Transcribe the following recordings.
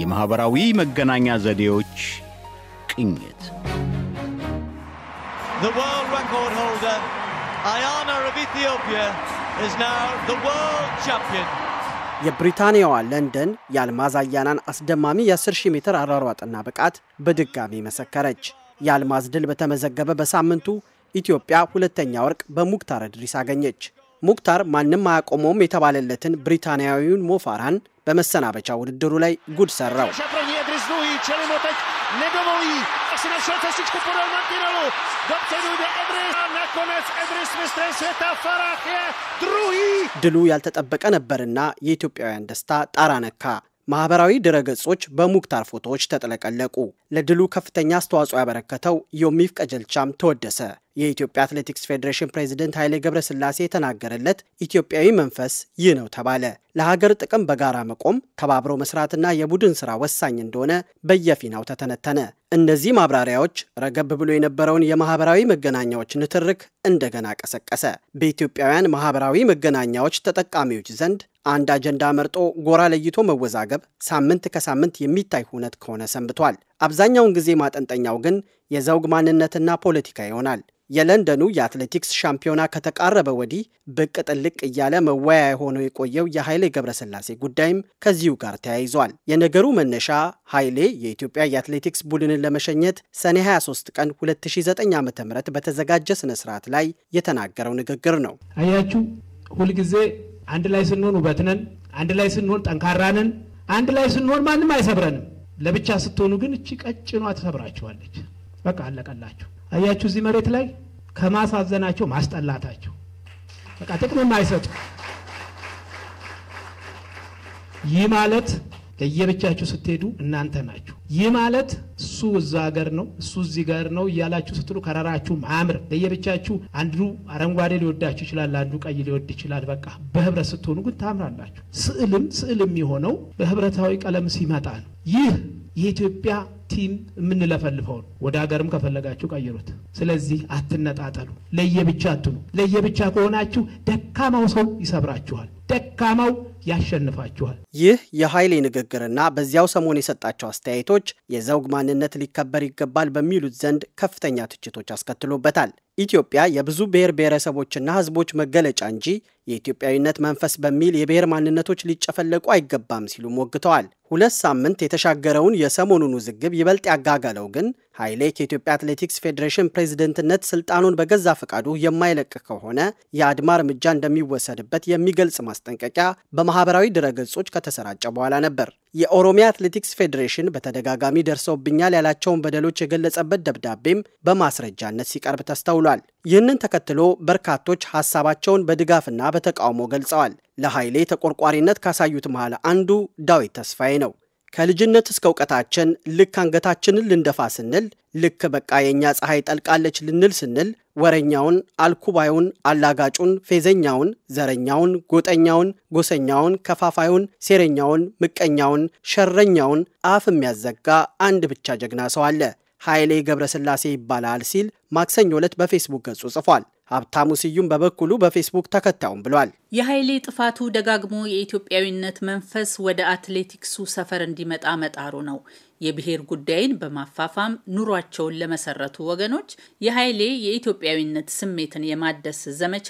የማኅበራዊ መገናኛ ዘዴዎች ቅኝት የብሪታንያዋ ለንደን የአልማዝ አያናን አስደማሚ የ ሺህ ሜትር አራሯጥና ብቃት በድጋሚ መሰከረች። የአልማዝ ድል በተመዘገበ በሳምንቱ ኢትዮጵያ ሁለተኛ ወርቅ በሙክታር እድሪስ አገኘች። ሙክታር ማንም አያቆመውም የተባለለትን ብሪታንያዊውን ሞፋራን በመሰናበቻ ውድድሩ ላይ ጉድ ሰራው። ድሉ ያልተጠበቀ ነበርና የኢትዮጵያውያን ደስታ ጣራ ነካ። ማህበራዊ ድረገጾች በሙክታር ፎቶዎች ተጥለቀለቁ። ለድሉ ከፍተኛ አስተዋጽኦ ያበረከተው ዮሚፍ ቀጀልቻም ተወደሰ። የኢትዮጵያ አትሌቲክስ ፌዴሬሽን ፕሬዝደንት ኃይሌ ገብረስላሴ የተናገረለት ኢትዮጵያዊ መንፈስ ይህ ነው ተባለ። ለሀገር ጥቅም በጋራ መቆም፣ ተባብሮ መስራትና የቡድን ስራ ወሳኝ እንደሆነ በየፊናው ተተነተነ። እነዚህ ማብራሪያዎች ረገብ ብሎ የነበረውን የማህበራዊ መገናኛዎች ንትርክ እንደገና ቀሰቀሰ። በኢትዮጵያውያን ማህበራዊ መገናኛዎች ተጠቃሚዎች ዘንድ አንድ አጀንዳ መርጦ ጎራ ለይቶ መወዛገብ ሳምንት ከሳምንት የሚታይ ሁነት ከሆነ ሰንብቷል። አብዛኛውን ጊዜ ማጠንጠኛው ግን የዘውግ ማንነትና ፖለቲካ ይሆናል። የለንደኑ የአትሌቲክስ ሻምፒዮና ከተቃረበ ወዲህ ብቅ ጥልቅ እያለ መወያያ የሆነው የቆየው የኃይሌ ገብረስላሴ ጉዳይም ከዚሁ ጋር ተያይዟል። የነገሩ መነሻ ኃይሌ የኢትዮጵያ የአትሌቲክስ ቡድንን ለመሸኘት ሰኔ 23 ቀን 2009 ዓ ም በተዘጋጀ ስነ ስርዓት ላይ የተናገረው ንግግር ነው። አያችሁ፣ ሁልጊዜ አንድ ላይ ስንሆን ውበትነን፣ አንድ ላይ ስንሆን ጠንካራንን፣ አንድ ላይ ስንሆን ማንም አይሰብረንም ለብቻ ስትሆኑ ግን እቺ ቀጭኗ ትሰብራችኋለች። በቃ አለቀላችሁ። አያችሁ፣ እዚህ መሬት ላይ ከማሳዘናቸው ማስጠላታቸው በቃ ጥቅምም አይሰጡ። ይህ ማለት ለየብቻችሁ ስትሄዱ እናንተ ናችሁ። ይህ ማለት እሱ እዛ ሀገር ነው፣ እሱ እዚህ ጋር ነው እያላችሁ ስትሉ ከረራችሁ ማምር ለየብቻችሁ አንዱ አረንጓዴ ሊወዳችሁ ይችላል፣ አንዱ ቀይ ሊወድ ይችላል። በቃ በህብረት ስትሆኑ ግን ታምራላችሁ። ስዕልም ስዕል የሚሆነው በህብረታዊ ቀለም ሲመጣ ነው። ይህ የኢትዮጵያ ቲም የምንለፈልፈው ነው። ወደ ሀገርም ከፈለጋችሁ ቀይሩት። ስለዚህ አትነጣጠሉ፣ ለየብቻ አትኑ። ለየብቻ ከሆናችሁ ደካማው ሰው ይሰብራችኋል። ደካማው ያሸንፋችኋል። ይህ የኃይሌ ንግግርና በዚያው ሰሞን የሰጣቸው አስተያየቶች የዘውግ ማንነት ሊከበር ይገባል በሚሉት ዘንድ ከፍተኛ ትችቶች አስከትሎበታል። ኢትዮጵያ የብዙ ብሔር ብሔረሰቦችና ሕዝቦች መገለጫ እንጂ የኢትዮጵያዊነት መንፈስ በሚል የብሔር ማንነቶች ሊጨፈለቁ አይገባም ሲሉም ወግተዋል። ሁለት ሳምንት የተሻገረውን የሰሞኑን ውዝግብ ይበልጥ ያጋጋለው ግን ኃይሌ ከኢትዮጵያ አትሌቲክስ ፌዴሬሽን ፕሬዝደንትነት ስልጣኑን በገዛ ፈቃዱ የማይለቅ ከሆነ የአድማ እርምጃ እንደሚወሰድበት የሚገልጽ ማስጠንቀቂያ በማህበራዊ ድረገጾች ከተሰራጨ በኋላ ነበር። የኦሮሚያ አትሌቲክስ ፌዴሬሽን በተደጋጋሚ ደርሰውብኛል ያላቸውን በደሎች የገለጸበት ደብዳቤም በማስረጃነት ሲቀርብ ተስተውሏል። ይህንን ተከትሎ በርካቶች ሀሳባቸውን በድጋፍና በተቃውሞ ገልጸዋል። ለኃይሌ ተቆርቋሪነት ካሳዩት መሃል አንዱ ዳዊት ተስፋዬ ነው። ከልጅነት እስከ እውቀታችን ልክ አንገታችንን ልንደፋ ስንል ልክ በቃ የእኛ ፀሐይ ጠልቃለች ልንል ስንል ወረኛውን፣ አልኩባዩን፣ አላጋጩን፣ ፌዘኛውን፣ ዘረኛውን፣ ጎጠኛውን፣ ጎሰኛውን፣ ከፋፋዩን፣ ሴረኛውን፣ ምቀኛውን፣ ሸረኛውን አፍ የሚያዘጋ አንድ ብቻ ጀግና ሰው አለ። ኃይሌ ገብረስላሴ ይባላል ሲል ማክሰኞ ዕለት በፌስቡክ ገጹ ጽፏል። ሀብታሙ ስዩም በበኩሉ በፌስቡክ ተከታዩም ብሏል። የኃይሌ ጥፋቱ ደጋግሞ የኢትዮጵያዊነት መንፈስ ወደ አትሌቲክሱ ሰፈር እንዲመጣ መጣሩ ነው። የብሔር ጉዳይን በማፋፋም ኑሯቸውን ለመሰረቱ ወገኖች የኃይሌ የኢትዮጵያዊነት ስሜትን የማደስ ዘመቻ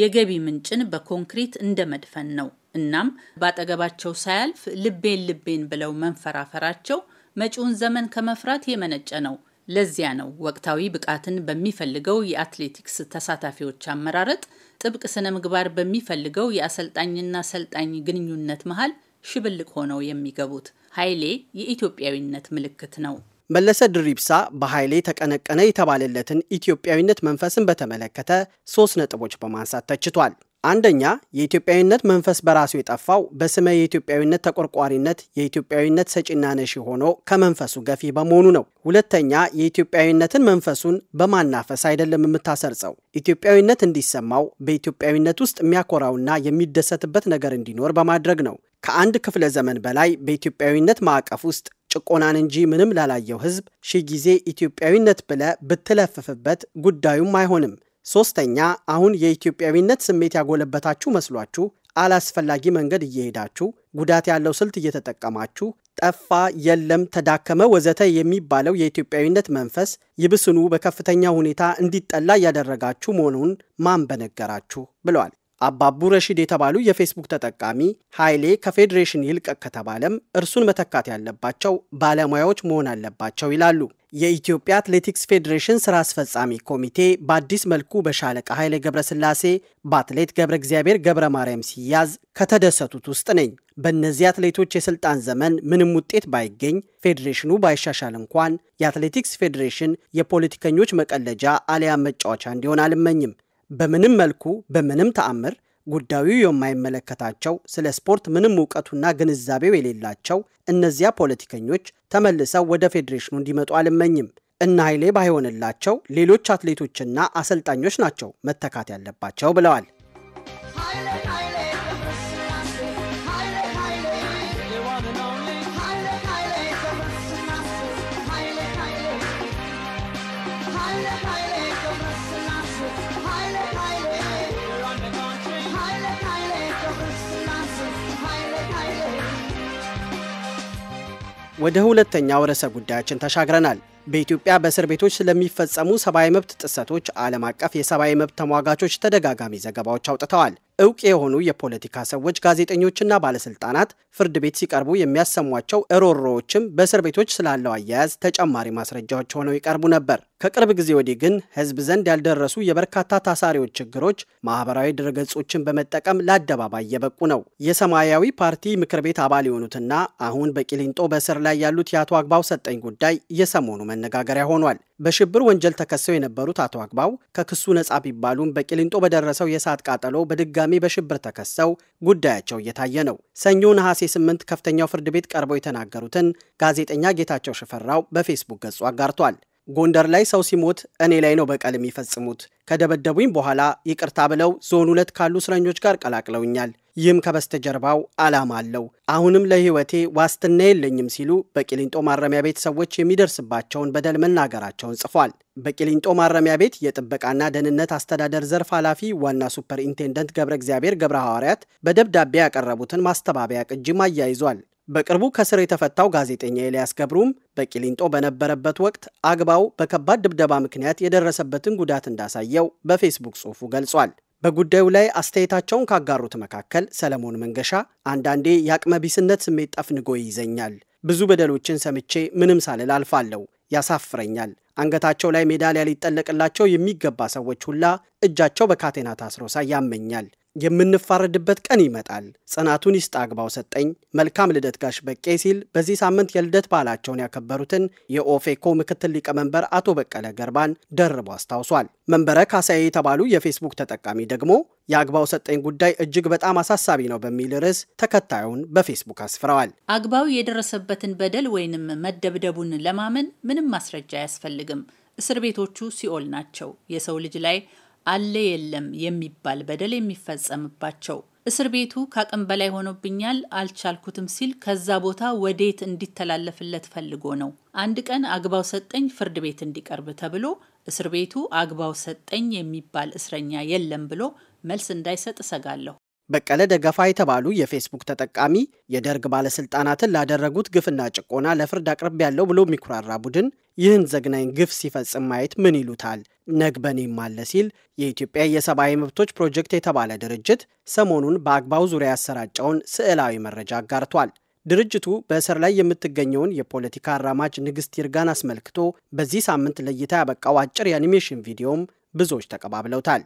የገቢ ምንጭን በኮንክሪት እንደ መድፈን ነው። እናም በአጠገባቸው ሳያልፍ ልቤን ልቤን ብለው መንፈራፈራቸው መጪውን ዘመን ከመፍራት የመነጨ ነው። ለዚያ ነው ወቅታዊ ብቃትን በሚፈልገው የአትሌቲክስ ተሳታፊዎች አመራረጥ፣ ጥብቅ ስነ ምግባር በሚፈልገው የአሰልጣኝና አሰልጣኝ ግንኙነት መሀል ሽብልቅ ሆነው የሚገቡት። ኃይሌ የኢትዮጵያዊነት ምልክት ነው። መለሰ ድሪብሳ በኃይሌ ተቀነቀነ የተባለለትን ኢትዮጵያዊነት መንፈስን በተመለከተ ሶስት ነጥቦች በማንሳት ተችቷል። አንደኛ የኢትዮጵያዊነት መንፈስ በራሱ የጠፋው በስመ የኢትዮጵያዊነት ተቆርቋሪነት የኢትዮጵያዊነት ሰጪና ነሺ ሆኖ ከመንፈሱ ገፊ በመሆኑ ነው። ሁለተኛ የኢትዮጵያዊነትን መንፈሱን በማናፈስ አይደለም የምታሰርጸው። ኢትዮጵያዊነት እንዲሰማው በኢትዮጵያዊነት ውስጥ የሚያኮራውና የሚደሰትበት ነገር እንዲኖር በማድረግ ነው። ከአንድ ክፍለ ዘመን በላይ በኢትዮጵያዊነት ማዕቀፍ ውስጥ ጭቆናን እንጂ ምንም ላላየው ሕዝብ ሺ ጊዜ ኢትዮጵያዊነት ብለ ብትለፍፍበት ጉዳዩም አይሆንም። ሶስተኛ አሁን የኢትዮጵያዊነት ስሜት ያጎለበታችሁ መስሏችሁ አላስፈላጊ መንገድ እየሄዳችሁ ጉዳት ያለው ስልት እየተጠቀማችሁ ጠፋ፣ የለም፣ ተዳከመ፣ ወዘተ የሚባለው የኢትዮጵያዊነት መንፈስ ይብስኑ በከፍተኛ ሁኔታ እንዲጠላ እያደረጋችሁ መሆኑን ማን በነገራችሁ ብለዋል። አባቡ ረሺድ የተባሉ የፌስቡክ ተጠቃሚ ኃይሌ ከፌዴሬሽን ይልቀቅ ከተባለም እርሱን መተካት ያለባቸው ባለሙያዎች መሆን አለባቸው ይላሉ። የኢትዮጵያ አትሌቲክስ ፌዴሬሽን ስራ አስፈጻሚ ኮሚቴ በአዲስ መልኩ በሻለቃ ኃይሌ ገብረስላሴ በአትሌት ገብረ እግዚአብሔር ገብረ ማርያም ሲያዝ ከተደሰቱት ውስጥ ነኝ። በእነዚህ አትሌቶች የስልጣን ዘመን ምንም ውጤት ባይገኝ ፌዴሬሽኑ ባይሻሻል እንኳን የአትሌቲክስ ፌዴሬሽን የፖለቲከኞች መቀለጃ አሊያም መጫወቻ እንዲሆን አልመኝም። በምንም መልኩ በምንም ተአምር ጉዳዩ የማይመለከታቸው ስለ ስፖርት ምንም እውቀቱና ግንዛቤው የሌላቸው እነዚያ ፖለቲከኞች ተመልሰው ወደ ፌዴሬሽኑ እንዲመጡ አልመኝም። እነ ኃይሌ ባይሆንላቸው ሌሎች አትሌቶችና አሰልጣኞች ናቸው መተካት ያለባቸው ብለዋል። ወደ ሁለተኛው ርዕሰ ጉዳያችን ተሻግረናል። በኢትዮጵያ በእስር ቤቶች ስለሚፈጸሙ ሰብአዊ መብት ጥሰቶች ዓለም አቀፍ የሰብአዊ መብት ተሟጋቾች ተደጋጋሚ ዘገባዎች አውጥተዋል። እውቅ የሆኑ የፖለቲካ ሰዎች፣ ጋዜጠኞችና ባለስልጣናት ፍርድ ቤት ሲቀርቡ የሚያሰሟቸው እሮሮዎችም በእስር ቤቶች ስላለው አያያዝ ተጨማሪ ማስረጃዎች ሆነው ይቀርቡ ነበር። ከቅርብ ጊዜ ወዲህ ግን ሕዝብ ዘንድ ያልደረሱ የበርካታ ታሳሪዎች ችግሮች ማህበራዊ ድረገጾችን በመጠቀም ለአደባባይ የበቁ ነው። የሰማያዊ ፓርቲ ምክር ቤት አባል የሆኑትና አሁን በቂሊንጦ በእስር ላይ ያሉት የአቶ አግባው ሰጠኝ ጉዳይ የሰሞኑ መነጋገሪያ ሆኗል። በሽብር ወንጀል ተከሰው የነበሩት አቶ አግባው ከክሱ ነጻ ቢባሉም በቂሊንጦ በደረሰው የእሳት ቃጠሎ በድጋሚ በሽብር ተከሰው ጉዳያቸው እየታየ ነው። ሰኞ ነሐሴ 8 ከፍተኛው ፍርድ ቤት ቀርበው የተናገሩትን ጋዜጠኛ ጌታቸው ሽፈራው በፌስቡክ ገጹ አጋርቷል። ጎንደር ላይ ሰው ሲሞት እኔ ላይ ነው በቀል የሚፈጽሙት። ከደበደቡኝ በኋላ ይቅርታ ብለው ዞን ሁለት ካሉ እስረኞች ጋር ቀላቅለውኛል። ይህም ከበስተጀርባው ዓላማ አለው። አሁንም ለሕይወቴ ዋስትና የለኝም ሲሉ በቂሊንጦ ማረሚያ ቤት ሰዎች የሚደርስባቸውን በደል መናገራቸውን ጽፏል። በቂሊንጦ ማረሚያ ቤት የጥበቃና ደህንነት አስተዳደር ዘርፍ ኃላፊ ዋና ሱፐር ኢንቴንደንት ገብረ እግዚአብሔር ገብረ ሐዋርያት በደብዳቤ ያቀረቡትን ማስተባበያ ቅጂም አያይዟል። በቅርቡ ከስር የተፈታው ጋዜጠኛ ኤልያስ ገብሩም በቂሊንጦ በነበረበት ወቅት አግባው በከባድ ድብደባ ምክንያት የደረሰበትን ጉዳት እንዳሳየው በፌስቡክ ጽሑፉ ገልጿል። በጉዳዩ ላይ አስተያየታቸውን ካጋሩት መካከል ሰለሞን መንገሻ አንዳንዴ የአቅመቢስነት ስሜት ጠፍንጎ ይይዘኛል። ብዙ በደሎችን ሰምቼ ምንም ሳልል አልፋለሁ። ያሳፍረኛል። አንገታቸው ላይ ሜዳሊያ ሊጠለቅላቸው የሚገባ ሰዎች ሁላ እጃቸው በካቴና ታስሮ ሳይ ያመኛል። የምንፋረድበት ቀን ይመጣል። ጽናቱን ይስጥ አግባው ሰጠኝ መልካም ልደት ጋሽ በቄ ሲል በዚህ ሳምንት የልደት በዓላቸውን ያከበሩትን የኦፌኮ ምክትል ሊቀመንበር አቶ በቀለ ገርባን ደርቦ አስታውሷል። መንበረ ካሳዬ የተባሉ የፌስቡክ ተጠቃሚ ደግሞ የአግባው ሰጠኝ ጉዳይ እጅግ በጣም አሳሳቢ ነው በሚል ርዕስ ተከታዩን በፌስቡክ አስፍረዋል። አግባው የደረሰበትን በደል ወይንም መደብደቡን ለማመን ምንም ማስረጃ አያስፈልግም። እስር ቤቶቹ ሲኦል ናቸው። የሰው ልጅ ላይ አለ የለም የሚባል በደል የሚፈጸምባቸው እስር ቤቱ ከአቅም በላይ ሆኖብኛል አልቻልኩትም ሲል ከዛ ቦታ ወዴት እንዲተላለፍለት ፈልጎ ነው። አንድ ቀን አግባው ሰጠኝ ፍርድ ቤት እንዲቀርብ ተብሎ እስር ቤቱ አግባው ሰጠኝ የሚባል እስረኛ የለም ብሎ መልስ እንዳይሰጥ እሰጋለሁ። በቀለ ደገፋ የተባሉ የፌስቡክ ተጠቃሚ የደርግ ባለስልጣናትን ላደረጉት ግፍና ጭቆና ለፍርድ አቅርብ ያለው ብሎ የሚኩራራ ቡድን ይህን ዘግናኝ ግፍ ሲፈጽም ማየት ምን ይሉታል? ነግበኔም አለ ሲል የኢትዮጵያ የሰብአዊ መብቶች ፕሮጀክት የተባለ ድርጅት ሰሞኑን በአግባው ዙሪያ ያሰራጨውን ስዕላዊ መረጃ አጋርቷል። ድርጅቱ በእስር ላይ የምትገኘውን የፖለቲካ አራማጅ ንግሥት ይርጋን አስመልክቶ በዚህ ሳምንት ለእይታ ያበቃው አጭር የአኒሜሽን ቪዲዮም ብዙዎች ተቀባብለውታል።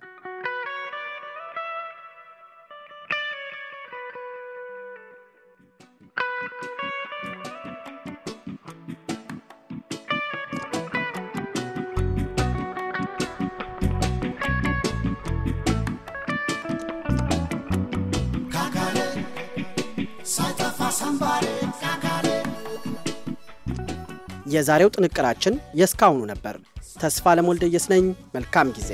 የዛሬው ጥንቅራችን የእስካሁኑ ነበር። ተስፋ ለሞልደየስ ነኝ። መልካም ጊዜ